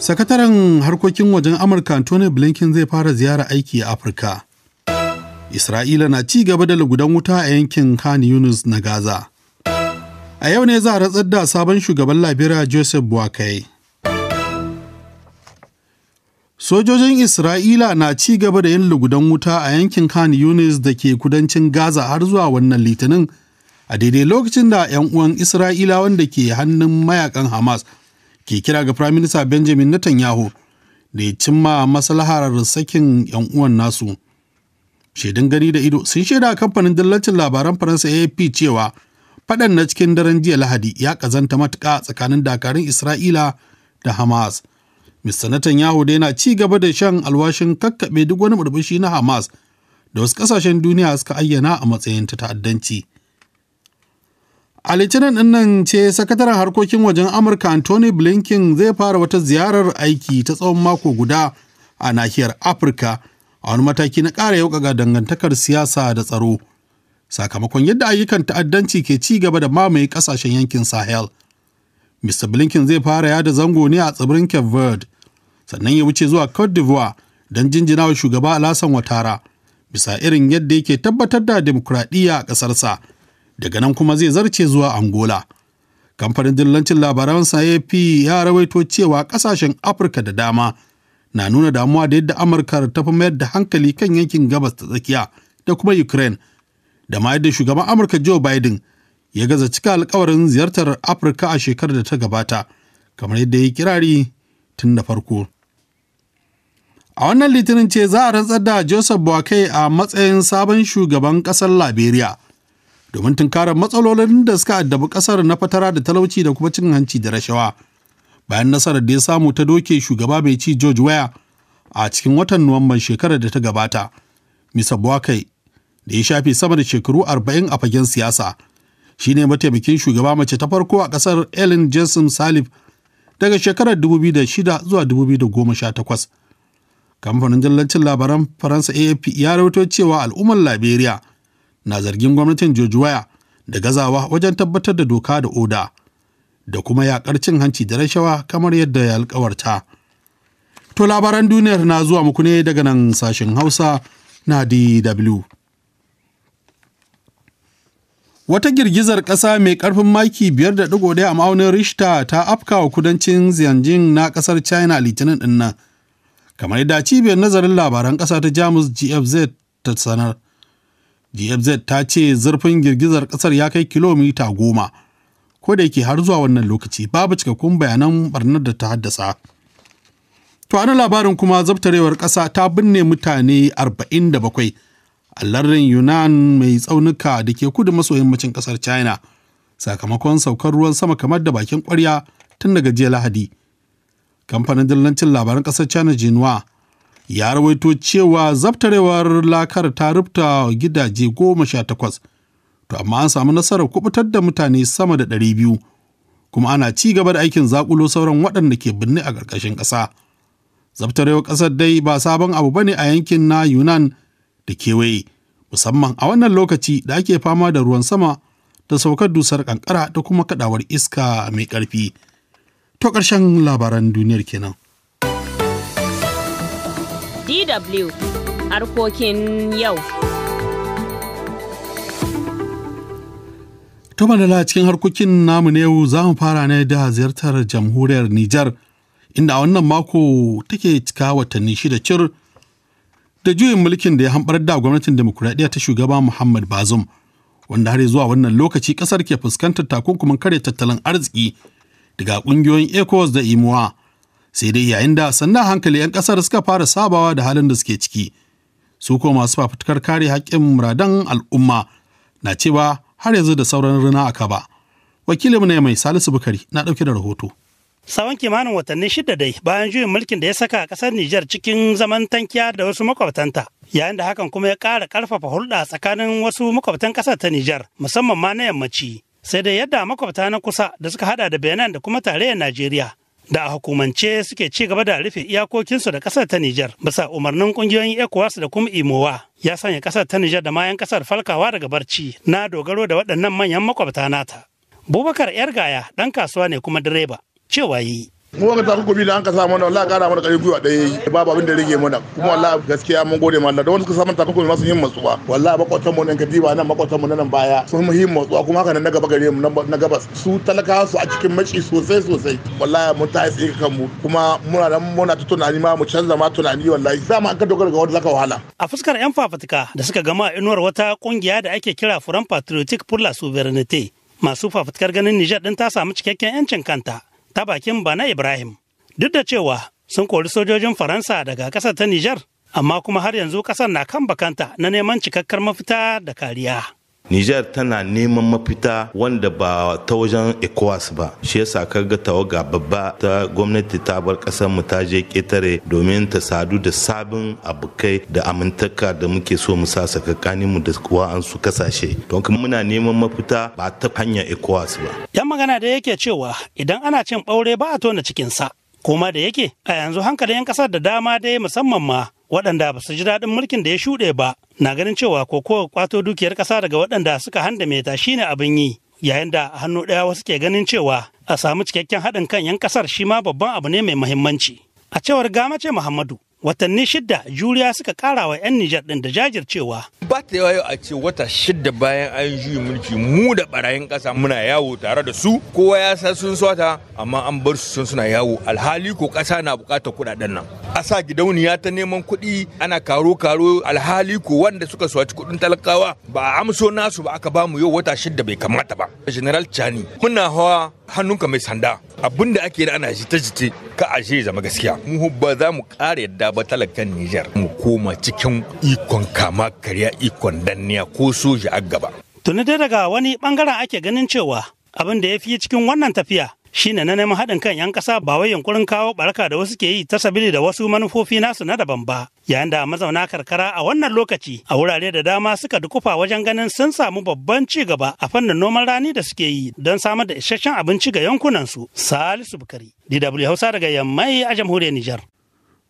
Sakataren harkokin wajen Amurka Antony Blinken zai fara ziyara aiki a Afirka. Isra'ila na ci gaba da lugudan wuta a yankin Khan Yunus na Gaza. A yau ne za a ratsar da sabon shugaban Liberia Joseph buakai. Sojojin Isra'ila na ci gaba da yin lugudan wuta a yankin Khan Yunis da ke kudancin Gaza har zuwa wannan litinin a daidai lokacin da 'yan uwan Isra'ila wanda ke hannun mayakan Hamas ke kira ga Prime Benjamin Netanyahu da ya cimma maslahar sakin 'yan uwan nasu. Shaidun gani da ido sun shaida kamfanin dillacin labaran Faransa AFP cewa faɗan na cikin daren jiya Lahadi ya ƙazanta matuƙa tsakanin dakarun Isra'ila da Hamas. Mr. Netanyahu da yana ci gaba da shan alwashin kakkaɓe duk wani murmushi na Hamas da wasu ƙasashen duniya suka ayyana a matsayin ta ta'addanci. A litinin ɗin ce sakataren harkokin wajen Amurka Anthony Blinken zai fara wata ziyarar aiki ta tsawon mako guda a nahiyar Afirka a wani mataki na ƙara yauƙaƙa dangantakar siyasa da tsaro. Sakamakon yadda ayyukan ta'addanci ke ci gaba da mamaye ƙasashen yankin Sahel. Mr. Blinken zai fara yada zango ne a tsibirin Cape sannan ya wuce zuwa Cote d'Ivoire don jinjina wa shugaba Alassane watara, bisa irin yadda yake tabbatar da dimokuraɗiyya a ƙasarsa. daga nan kuma zai zarce zuwa angola kamfanin dillancin labaran ap ya rawaito cewa kasashen afirka da dama na nuna damuwa da yadda amurka ta fi mayar da hankali kan yankin gabas ta tsakiya da kuma ukraine da ma yadda shugaban amurka joe biden ya gaza cika alkawarin ziyartar afirka a shekarar da ta gabata kamar yadda ya yi kirari tun da farko a wannan litinin ce za a rantsar da joseph boakai a matsayin sabon shugaban kasar liberia domin tunkarar matsalolin da suka addabi kasar na fatara da talauci da kuma cin hanci da rashawa bayan nasarar da ya samu ta doke shugaba mai ci george waya a cikin watan nuwamban shekarar da ta gabata misa buwakai da ya shafe sama da shekaru arba'in a fagen siyasa shi ne mataimakin shugaba mace ta farko a kasar ellen jason salif daga shekarar 2006 zuwa 2018 kamfanin jallancin labaran faransa afp ya rawaito cewa al'ummar liberia na zargin gwamnatin George da gazawa wajen tabbatar da doka da oda da kuma yakar cin hanci da rashawa kamar yadda ya alkawarta. To labaran duniyar na zuwa muku ne daga nan sashen Hausa na DW. Wata girgizar ƙasa mai ƙarfin maki biyar da 5.1 a ma'aunin Rishta ta afka wa kudancin Xianjin na ƙasar China litinin ɗin nan. Kamar yadda cibiyar nazarin labaran ƙasa ta Jamus GFZ ta sanar. GFZ ta ce zurfin girgizar kasar ya kai kilomita goma. Ko da yake har zuwa wannan lokaci babu cikakkun bayanan barnar da ta haddasa. To ana labarin kuma zabtarewar ƙasa ta binne mutane 47 a lardin Yunan mai tsaunuka da ke kudu maso yammacin ƙasar China sakamakon saukar ruwan sama kamar da bakin ƙwarya tun daga jiya Lahadi. Kamfanin dillancin labaran ƙasar China Jinwa ya rawaito cewa zabtarewar lakar ta rubta gidaje goma sha takwas to amma an samu nasarar kubutar da mutane sama da ɗari biyu kuma ana ci gaba da aikin zakulo sauran waɗanda ke binne a ƙarƙashin ƙasa zabtarewar ƙasar dai ba sabon abu bane a yankin na yunan da kewaye musamman a wannan lokaci da ake fama da ruwan sama da saukar dusar kankara da kuma kadawar iska mai ƙarfi to ƙarshen labaran duniyar kenan DW harkokin yau. da cikin harkokin namu na yau za mu fara ne da ziyartar jamhuriyar Nijar inda a wannan mako take cika watanni shida cir da juyin mulkin da ya hambar da gwamnatin demokuraɗiyya ta shugaba Muhammad Bazum wanda har zuwa wannan lokaci ƙasar ke fuskantar takunkumin kare tattalin arziki daga ƙungiyoyin ECOWAS da IMOA. sai dai yayin da sannan hankali 'yan ƙasar suka fara sabawa da halin da suke ciki su ko masu fafutukar kare haƙƙin muradan al'umma na cewa har yanzu da sauran rina a kaba wakilinmu ne mai salisu bukari na ɗauke da rahoto tsawon kimanin watanni shida dai bayan juyin mulkin da ya saka a ƙasar Nijar cikin zaman tankiya da wasu makwabtanta yayin da hakan kuma ya ƙara ƙarfafa hulɗa tsakanin wasu makwabtan ƙasar ta Nijar musamman ma na yammaci sai dai yadda makwabta na kusa da suka hada da Benin da kuma tarayyar Najeriya da a hukumance suke ci gaba da rufe iyakokinsu da kasar ta Nijar bisa umarnin kungiyoyin ECOWAS da kuma IMOWA ya sanya kasar ta Nijar da mayan kasar falkawa daga barci na dogaro da waɗannan manyan makwabta nata. Bubakar Yargaya ɗan kasuwa ne kuma direba cewa yi. mu ga ta kuku da an ka samu wallahi kana mana ƙarfi guwa ɗaya yi babu abin da rige mana kuma wallahi gaskiya mun gode Allah da wanda suka samu takunkumi masu yin matsuwa wallahi makwatan mu nan diba nan makwatan mu nan baya sun mu yin matsuwa kuma haka nan na gaba gare mu na gabas su talakawa su a cikin maci sosai sosai wallahi mun ta tsaye kan mu kuma muna nan muna ta tunani ma mu canza ma tunani wallahi za mu an ka dogara ga wanda zaka wahala a fuskar yan fafatuka da suka gama inuwar wata kungiya da ake kira Front Patriotic pour la Souveraineté masu fafatukar ganin Niger din ta samu cikakken 'yancin kanta ta bakin Bana Ibrahim. Duk da cewa sun kori sojojin Faransa daga ƙasar ta Nijar, amma kuma har yanzu ƙasar na kan bakanta na neman cikakkar mafita da kariya. nijar tana neman mafita wanda ba ta wajen ECOWAS ba. Shi yasa kaga tawaga babba ta gwamnati ta bar kasar mu ta je ketare domin ta sadu da sabin abokai da amintaka da muke so mu sa sakakkanin mu da kuwa an su kasashe. Don kuma muna neman mafita ba ta hanyar ECOWAS ba. Yan magana da yake cewa idan ana cin ɓaure ba a tona cikin sa Kuma da yake a yanzu hankalin 'yan ƙasar da dama dai musamman ma waɗanda ba su ji daɗin mulkin da ya shuɗe ba na ganin cewa kokowa kwato dukiyar ƙasa daga waɗanda suka mai ta shine abin yi yayin da hannu ɗaya wasu ke ganin cewa a samu cikakken haɗin kan 'yan ƙasar shi ma babban abu ne mai muhimmanci a cewar gamace muhammadu watanni shidda juriya suka kara wa 'yan Nijar ɗin da jajircewa. Ba ta yawa yau a ce wata shidda bayan an juyi mulki mu da barayin kasa muna yawo tare da su kowa ya san sun sota amma an bar su sun suna yawo alhali ko kasa na bukatar kuɗaɗen nan. A sa gidauniya ta neman kuɗi ana karo karo alhali ko wanda suka swaci kuɗin talakawa ba a amso nasu ba aka bamu yau wata shidda bai kamata ba. General Chani muna hawa hannunka mai sanda abin da ake da ana jita jite ka ashe zama gaskiya mu ba za mu ƙara yadda ba talakan Nijar mu koma cikin ikon kama karya ikon danniya ko soja a gaba. Tuni dai daga wani bangaren ake ganin cewa abin da ya fi cikin wannan tafiya shine na neman haɗin kan 'yan ƙasa ba wai yunkurin kawo barka da wasu ke yi ta sabili da wasu manufofi nasu na daban ba yayin da mazauna karkara a wannan lokaci a wurare da dama suka dukufa wajen ganin sun samu babban ci gaba a fannin noman rani da suke yi don samar da isasshen abinci ga yankunansu salisu bukari dw hausa daga yammai a jamhuriyar nijar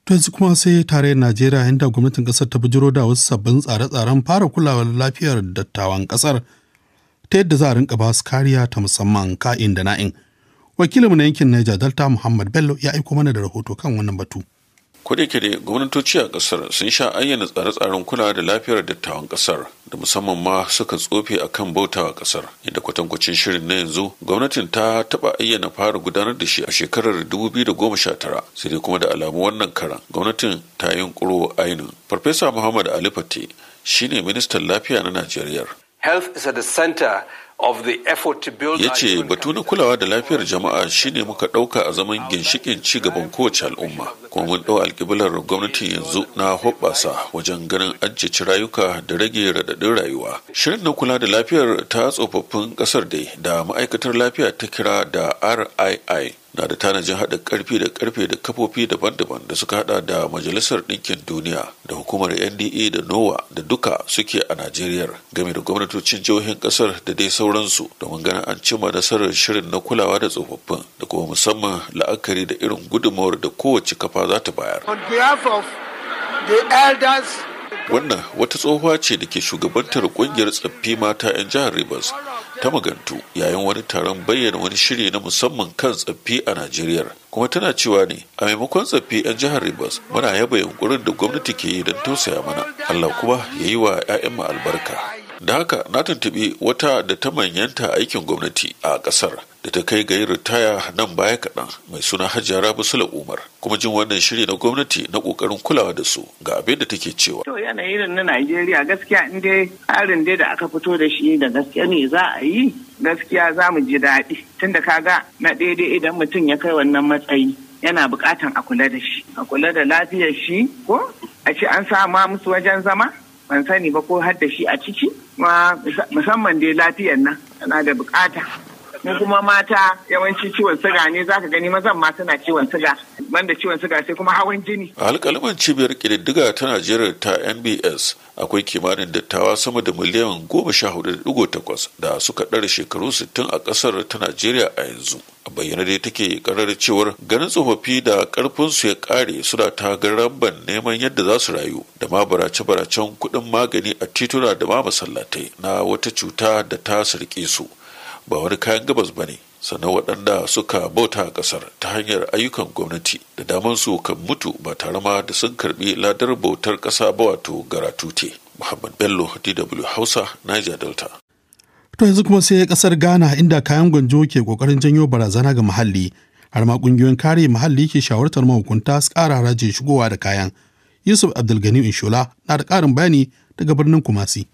to yanzu kuma sai tarayyar najeriya inda gwamnatin kasar ta bujiro da wasu sabbin tsare-tsaren fara kulawar lafiyar dattawan kasar ta yadda za a rinka ba su kariya ta musamman ka'in da na'in wakilinmu na yankin Niger Delta Muhammad Bello ya aiko mana da rahoto kan wannan batu. kodayake gwamnatoci a kasar sun sha ayyana tsare-tsaren kula da lafiyar dattawan kasar da musamman ma suka tsofe a kan bautawa kasar inda kwatankwacin shirin na yanzu gwamnatin ta taba ayyana fara gudanar da shi a shekarar 2019 sai dai kuma da alamu wannan karan gwamnatin ta yi yunkuro ainihin farfesa muhammad ali fate shine ministan lafiya na najeriya health is at the center ya ce batu na kulawa da lafiyar jama'a shine muka ɗauka a zaman ginshikin ci gaban kowace al'umma kuma mun ɗau alkiblar gwamnati yanzu na hoɓɓasa wajen ganin an rayuka da rage raɗaɗin rayuwa shirin na kula da lafiyar ta tsofaffin ƙasar dai da ma'aikatar lafiya ta kira da rii na da tanajin haɗa ƙarfi da ƙarfe da kafofi daban-daban da suka haɗa da majalisar ɗinkin duniya da hukumar nda da nowa da duka suke a najeriya game da gwamnatocin jihohin ƙasar da dai sauransu domin ganin an cimma nasarar shirin na kulawa da tsofaffin da kuma musamman la'akari da irin gudunmawar da kowace kafa za ta bayar. on behalf of wannan wata tsohuwa ce da ke shugabantar kungiyar tsaffi mata 'yan jihar rivers ta magantu yayin wani taron bayyana wani shiri na musamman kan tsaffi a najeriya kuma tana cewa ne a maimakon tsaffi 'yan jihar rivers muna yaba yunkurin da gwamnati ke yi don tausaya mana allah kuma ya yi wa 'ya'yan mu albarka da haka na tuntuɓi wata da ta manyanta aikin gwamnati a ƙasar da ta kai ga yin ritaya nan baya kaɗan mai suna hajiya rabu sula umar kuma jin wannan shiri na gwamnati na ƙoƙarin kulawa da su ga abin da take cewa. to yanayin na najeriya gaskiya in dai harin dai da aka fito da shi da gaskiya ne za a yi gaskiya za mu ji daɗi tunda kaga na daidai idan mutum ya kai wannan matsayi yana buƙatan a kula da shi a kula da lafiyar shi ko a ce an sama musu wajen zama ban sani ba ko har da shi a ciki musamman dai lafiyar nan tana da buƙata mu kuma mata yawanci ciwon siga ne zaka gani mazan ma suna ciwon siga banda ciwon siga sai kuma hawan jini A alƙalman cibiyar ƙididdiga ta Najeriya ta NBS akwai kimanin dattawa sama da miliyan goma sha hudu da digo takwas da suka ɗara shekaru sittin a ƙasar ta Najeriya a yanzu a bayyana dai take karar cewar ganin tsofaffi da ƙarfinsu ya ƙare suna ta garamban neman yadda za su rayu da ma barace-baracen kuɗin magani a tituna da ma masallatai na wata cuta da ta sarƙe su ba wani kayan gabas ba ne sannan waɗanda suka bauta ƙasar ta hanyar ayyukan gwamnati da damar su kan mutu ba tare ma da sun karɓi ladar bautar ƙasa ba wato garatute muhammad bello dw hausa niger delta to yanzu kuma sai ƙasar ghana inda kayan gwanjo ke ƙoƙarin janyo barazana ga muhalli har ma ƙungiyoyin kare muhalli ke shawartar mahukunta su ƙara haraji shigowa da kayan yusuf abdulgani inshola na da ƙarin bayani daga birnin kumasi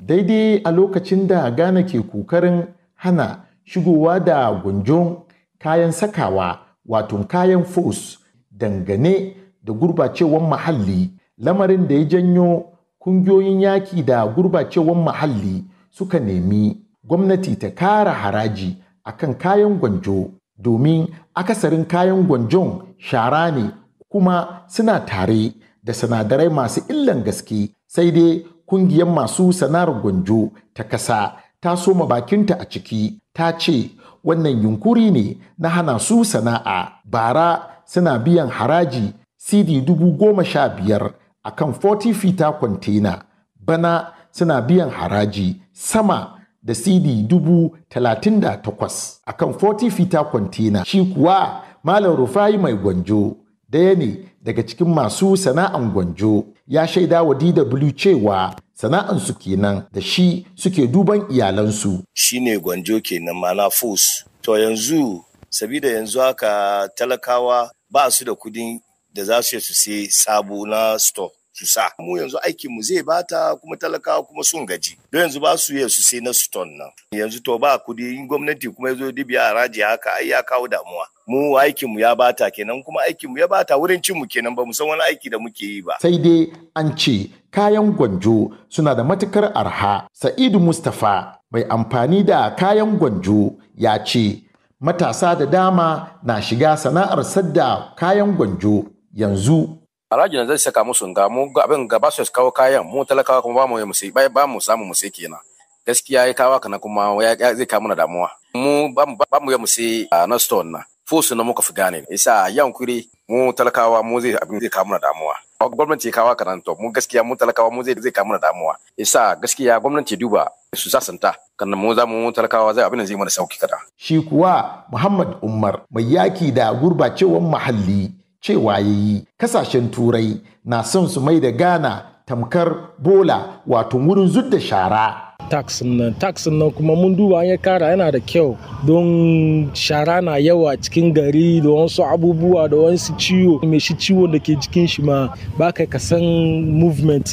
daidai a lokacin da ghana ke kokarin hana shigowa da gunjon kayan sakawa wato kayan fos dangane da gurbacewan muhalli lamarin da ya janyo kungiyoyin yaki da gurbacewan muhalli suka nemi gwamnati ta kara haraji a kan kayan gwanjo domin akasarin kayan gwanjon shara ne kuma suna tare da sinadarai masu illan gaske sai dai kungiyar masu sana'ar gwanjo ta kasa ta soma bakinta a ciki ta ce wannan yunkuri ne na hana su sana'a bara suna biyan haraji cd dubu goma sha biyar a kan 40 feet kwantena bana suna biyan haraji sama da cd dubu talatin da takwas a kan 40 feet kwantena shi kuwa malam rufai mai gwanjo daya ne daga cikin masu sana'an gwanjo ya shaida wa dw cewa sana'ansu kenan da shi suke duban iyalansu. Shi ne gwanjo kenan mana fos. To yanzu sabida yanzu haka talakawa ba su da kudin da za su su sai sabo na store su sa. Mu yanzu aikinmu zai bata kuma talakawa kuma sun gaji. Don yanzu ba su yi su sai na stone nan. Yanzu to ba kudi gwamnati kuma ya zo dibiya haraji haka ai ya kawo damuwa. mu aikin mu ya bata kenan kuma aikinmu ya bata wurin cin mu kenan ba mu san wani aiki da muke yi ba. Sai dai an ce kayan gwanjo suna da matukar arha. Sa'idu Mustapha mai amfani da kayan gwanjo ya ce matasa da dama na shiga sana'ar sadda kayan gwanjo yanzu. Alhaji na zai saka musu ga mu abin ga ba su kawo kayan mu talakawa kuma ba mu ba mu samu musu kenan. Gaskiya ya kawo kana kuma zai kawo mana damuwa. Mu ba mu yi mu ah, na store na. fosu na muka fi gane yasa yankuri mu talakawa mu zai abin zai kawo mana damuwa gwamnati ya kawo kanan to mu gaskiya mu talakawa mu zai zai kawo mana damuwa isa gaskiya gwamnati duba su sasanta kan mu za mu talakawa zai abin da zai mana sauki kada shi kuwa Muhammad Umar mai yaki da gurbacewan muhalli cewa yayi kasashen turai na son su mai da Ghana tamkar bola wato wurin zudda shara tax nan tax nan kuma mun duba an ya kara yana da kyau don shara na yawa cikin gari da wasu abubuwa da wasu ciwo mai shi ciwon da ke jikin shi ma ba kai ka san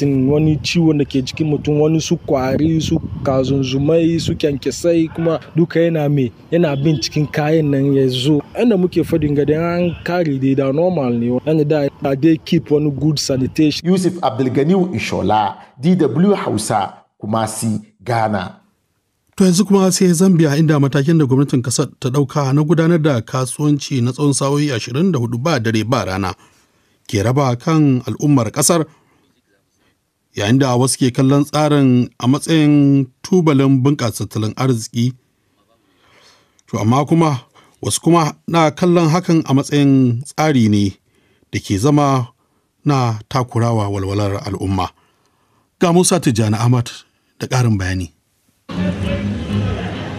in wani ciwon da ke jikin mutum wani su kwari su kazunzumai su kyankyasai kuma duka yana me yana bin cikin kayan nan ya zo inda muke fadin gada an kare dai da normal ne wani da dai keep wani good sanitation yusuf abdulganiu ishola dw hausa Kuma si ghana to yanzu kuma sai zambia inda matakin da gwamnatin kasar ta ɗauka na gudanar da kasuwanci na tsawon sa'o'i 24 ba dare ba rana ke raba kan al'ummar kasar yayin da wasu ke kallon tsarin a matsayin tubalin bunƙasa tattalin arziki to amma kuma wasu kuma na kallon hakan a matsayin tsari ne da ke zama na takurawa walwalar al'umma ga musa tijjani ahmad da ƙarin bayani.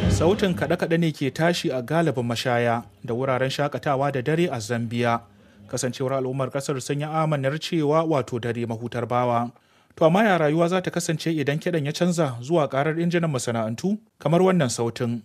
Sautin kaɗe-kaɗe ne ke tashi a galibin mashaya da wuraren shakatawa da dare a Zambiya. Kasancewar al'ummar ƙasar sun yi amanar cewa wato dare mahutar bawa. To amma ya rayuwa za ta kasance idan kiɗan ya canza zuwa ƙarar injinan masana'antu kamar wannan sautin.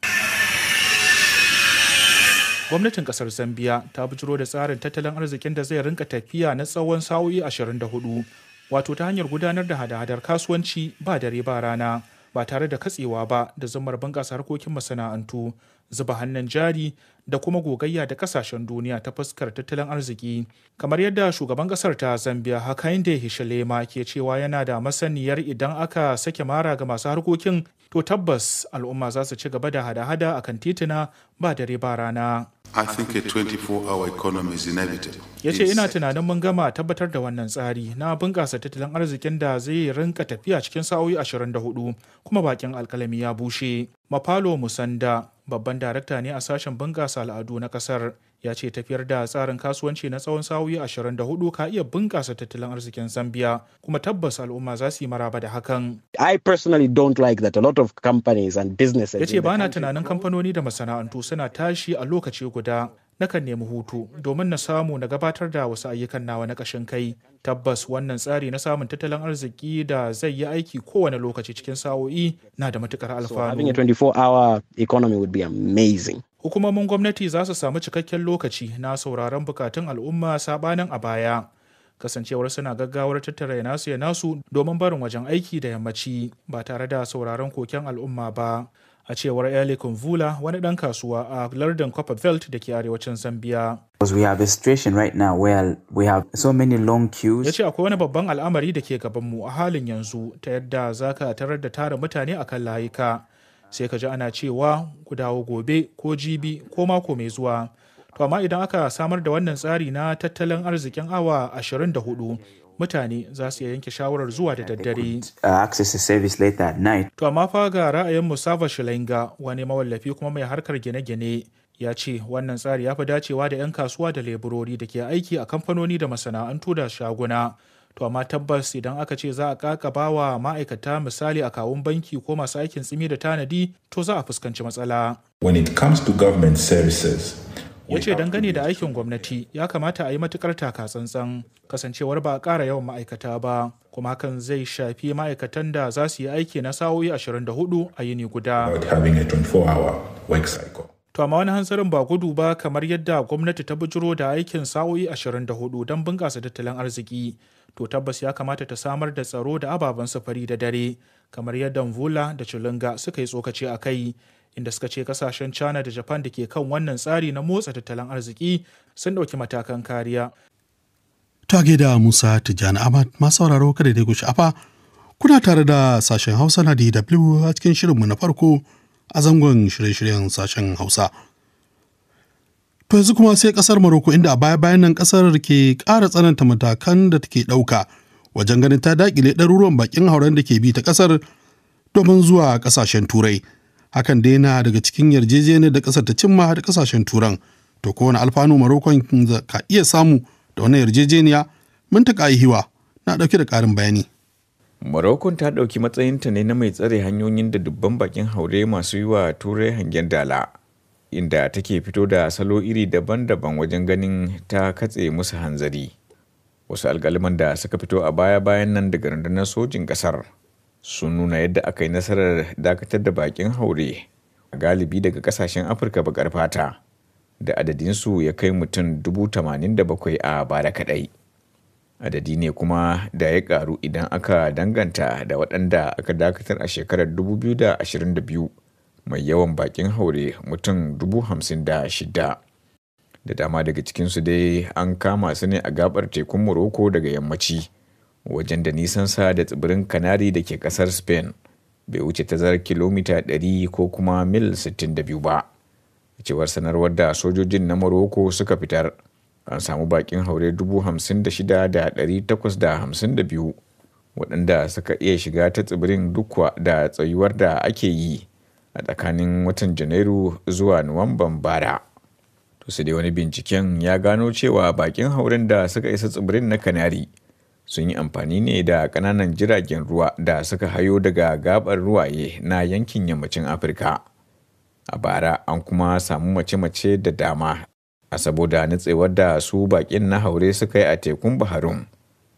Gwamnatin ƙasar Zambiya ta bijiro da tsarin tattalin arzikin da zai rinka tafiya na tsawon sa'o'i 24 wato ta hanyar gudanar da hada-hadar kasuwanci ba dare ba rana ba tare da katsewa ba da zammar bunƙasa harkokin masana'antu zuba hannun jari da kuma gogayya da kasashen duniya ta fuskar tattalin arziki kamar yadda shugaban kasar ta zambia hakainde hishalema ke cewa yana da masaniyar idan aka sake mara ga masu harkokin to tabbas al'umma za su ci gaba da hada-hada a kan tituna ba dare ba rana ya ce ina tunanin mun gama tabbatar da wannan tsari na bunƙasa tattalin arzikin da zai rinka tafiya cikin sa'o'i 24 kuma bakin alkalami ya bushe mafalo musanda babban darakta ne a sashen bunƙasa al'adu na ƙasar ya ce tafiyar da tsarin kasuwanci na tsawon sa'o'i hudu ka iya bunƙasa tattalin arzikin Zambia kuma tabbas al'umma za su yi maraba da hakan. I personally don't like that a lot of companies and businesses. Ya ce ba na tunanin kamfanoni da masana'antu suna tashi a lokaci guda. Nakan nemi hutu domin na samu na gabatar da wasu ayyukan nawa na ƙashin kai tabbas wannan tsari na samun tattalin arziki da zai yi aiki kowane lokaci cikin sa'o'i na da matukar alfanu hukumomin gwamnati za su samu cikakken lokaci na sauraron bukatun al'umma sabanin a baya kasancewar suna gaggawar tattara ya nasu ya nasu domin barin wajen aiki da yammaci ba tare da sauraron koken al'umma ba a cewar Ele Kumvula wani ɗan kasuwa a lardin Copperfield da ke arewacin Zambia. Because we have a situation right now where we have so many long queues. Ya ce akwai wani babban al'amari da ke gabanmu a halin yanzu ta yadda za ka tarar da tara mutane a kan layuka. Sai ka ji ana cewa ku dawo gobe ko jibi ko mako mai zuwa. To amma idan aka samar da wannan tsari na tattalin arzikin awa 24 mutane za su iya yanke shawarar zuwa da daddare. Uh, to amma fa ga ra'ayin musafa Shilenga wani mawallafi kuma mai harkar gine-gine ya ce wannan tsari ya fi dacewa da 'yan kasuwa da leburori da ke aiki a kamfanoni da masana'antu da shaguna. To amma tabbas idan aka ce za a kakaba wa ma'aikata misali a kawun banki ko masu aikin tsimi da tanadi to za a fuskanci matsala. When it comes to government services, ya ce dangane da aikin gwamnati ya kamata a yi matukar taka tsantsan kasancewar ba a kara yawan ma'aikata ba kuma hakan zai shafi ma'aikatan da za su yi aiki na sa'o'i 24 a yini guda to amma wani hansarin ba gudu ba kamar yadda gwamnati ta bujiro da aikin sa'o'i 24 don bunƙasa tattalin arziki to tabbas ya kamata ta samar da tsaro da ababen sufuri da dare kamar yadda mvula da chulunga suka yi tsokaci a kai inda suka ce kasashen china da japan da ke kan wannan tsari na motsa tattalin arziki sun dauki matakan kariya ta da musa tijjani ahmad masu sauraro kada dai gushi afa kuna tare da sashen hausa na dw a cikin shirinmu na farko a zangon shirye-shiryen sashen hausa to yanzu kuma sai kasar maroko inda a baya-bayan nan kasar ke kara tsananta matakan da take dauka wajen ganin ta dakile ɗaruruwan bakin hauren da ke bi ta kasar domin zuwa ƙasashen turai hakan daina daga cikin yarjejeniyar da kasar ta cimma da ƙasashen turan to wani alfanu marokon ka iya samu da wannan yarjejeniya mun ta hiwa na ɗauke da ƙarin bayani marokon ta ɗauki matsayinta ne na mai tsare hanyoyin da dubban bakin haure masu yi wa turai hangen dala inda take fito da salo iri daban-daban wajen ganin ta katse musu hanzari wasu alkaliman da suka fito a baya-bayan nan daga rundunar sojin ƙasar sun nuna yadda aka yi nasarar dakatar da bakin haure a galibi daga kasashen afirka bakar fata da adadinsu ya kai mutum dubu bakwai a bara kadai adadi ne kuma da ya karu idan aka danganta da waɗanda aka dakatar a shekarar 2022 mai yawan bakin haure mutum dubu hamsin da dama daga cikinsu dai an kama su ne a gabar tekun morocco daga yammaci wajen da nisan sa da tsibirin kanari da ke kasar spain bai wuce ta tazarar kilomita 100 ko kuma mil 62 ba cewar sanarwar da sojojin na morocco suka fitar an samu bakin haure 56,852 waɗanda suka iya shiga ta tsibirin dukwa da tsayuwar da ake yi a tsakanin watan janairu zuwa nuwamban bara to sai dai wani binciken ya gano cewa bakin hauren da suka isa tsibirin na kanari sun yi amfani ne da kananan jiragen ruwa da suka hayo daga gabar ruwaye na yankin yammacin afirka a bara an kuma samu mace-mace da dama a saboda nutsewar da su bakin na haure suka yi a tekun baharun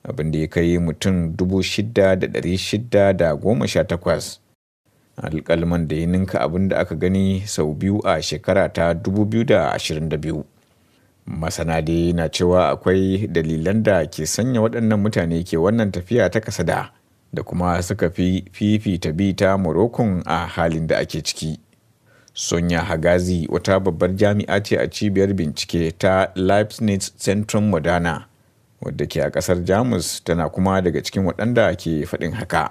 abin da ya kai mutum 6,618 shida da ya ninka abin da aka gani sau biyu a shekara ta 2022 masana dai na cewa akwai dalilan da ke sanya waɗannan mutane ke wannan tafiya ta kasada da kuma suka fi fifita bi ta moroccan a halin da ake ciki sonya hagazi wata babbar jami'a ce a cibiyar bincike ta leibniz centrum moderna wadda ke a kasar jamus tana kuma daga cikin waɗanda ke faɗin haka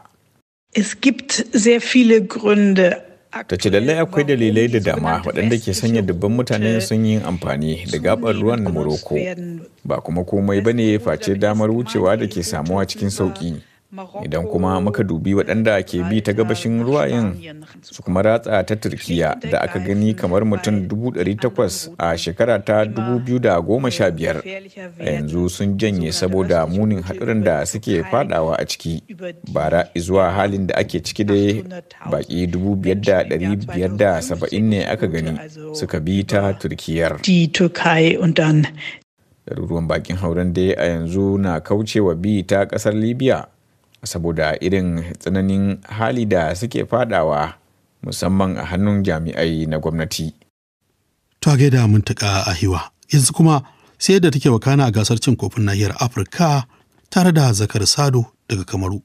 Es gibt sehr viele Gründe, ta ce lallai akwai dalilai da dama waɗanda ke sanya dubban mutane sun yi amfani da gabar ruwan morocco ba kuma komai bane face damar wucewa da ke samuwa cikin sauƙi Idan kuma muka dubi waɗanda ke bi ta gabashin ruwayen su kuma ratsa ta Turkiya da aka gani kamar mutum 800 a shekara ta 2015 a yanzu sun janye saboda munin haɗurin da suke fadawa a ciki. Bara zuwa halin da ake ciki dai baƙi 5,570 ne aka gani suka bi ta Turkiyar. Ɗaruruwan bakin hauren dai a yanzu na kaucewa bi ta ƙasar Libya. saboda irin tsananin hali da suke fadawa musamman a hannun jami'ai na gwamnati. To gaida muntaka a hiwa, yanzu kuma sai da take wakana a gasar cin kofin nahiyar Afirka tare da zakar Sado daga Kamaru.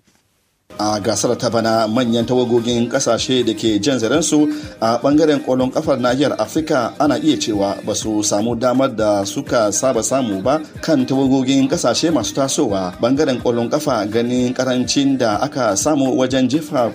a gasar ta bana manyan tawagogin kasashe da ke jan zarensu a bangaren kwallon kafar nahiyar afirka ana iya cewa ba su samu damar da suka saba samu ba kan tawagogin kasashe masu tasowa bangaren kwallon kafa ganin karancin da aka samu wajen jefa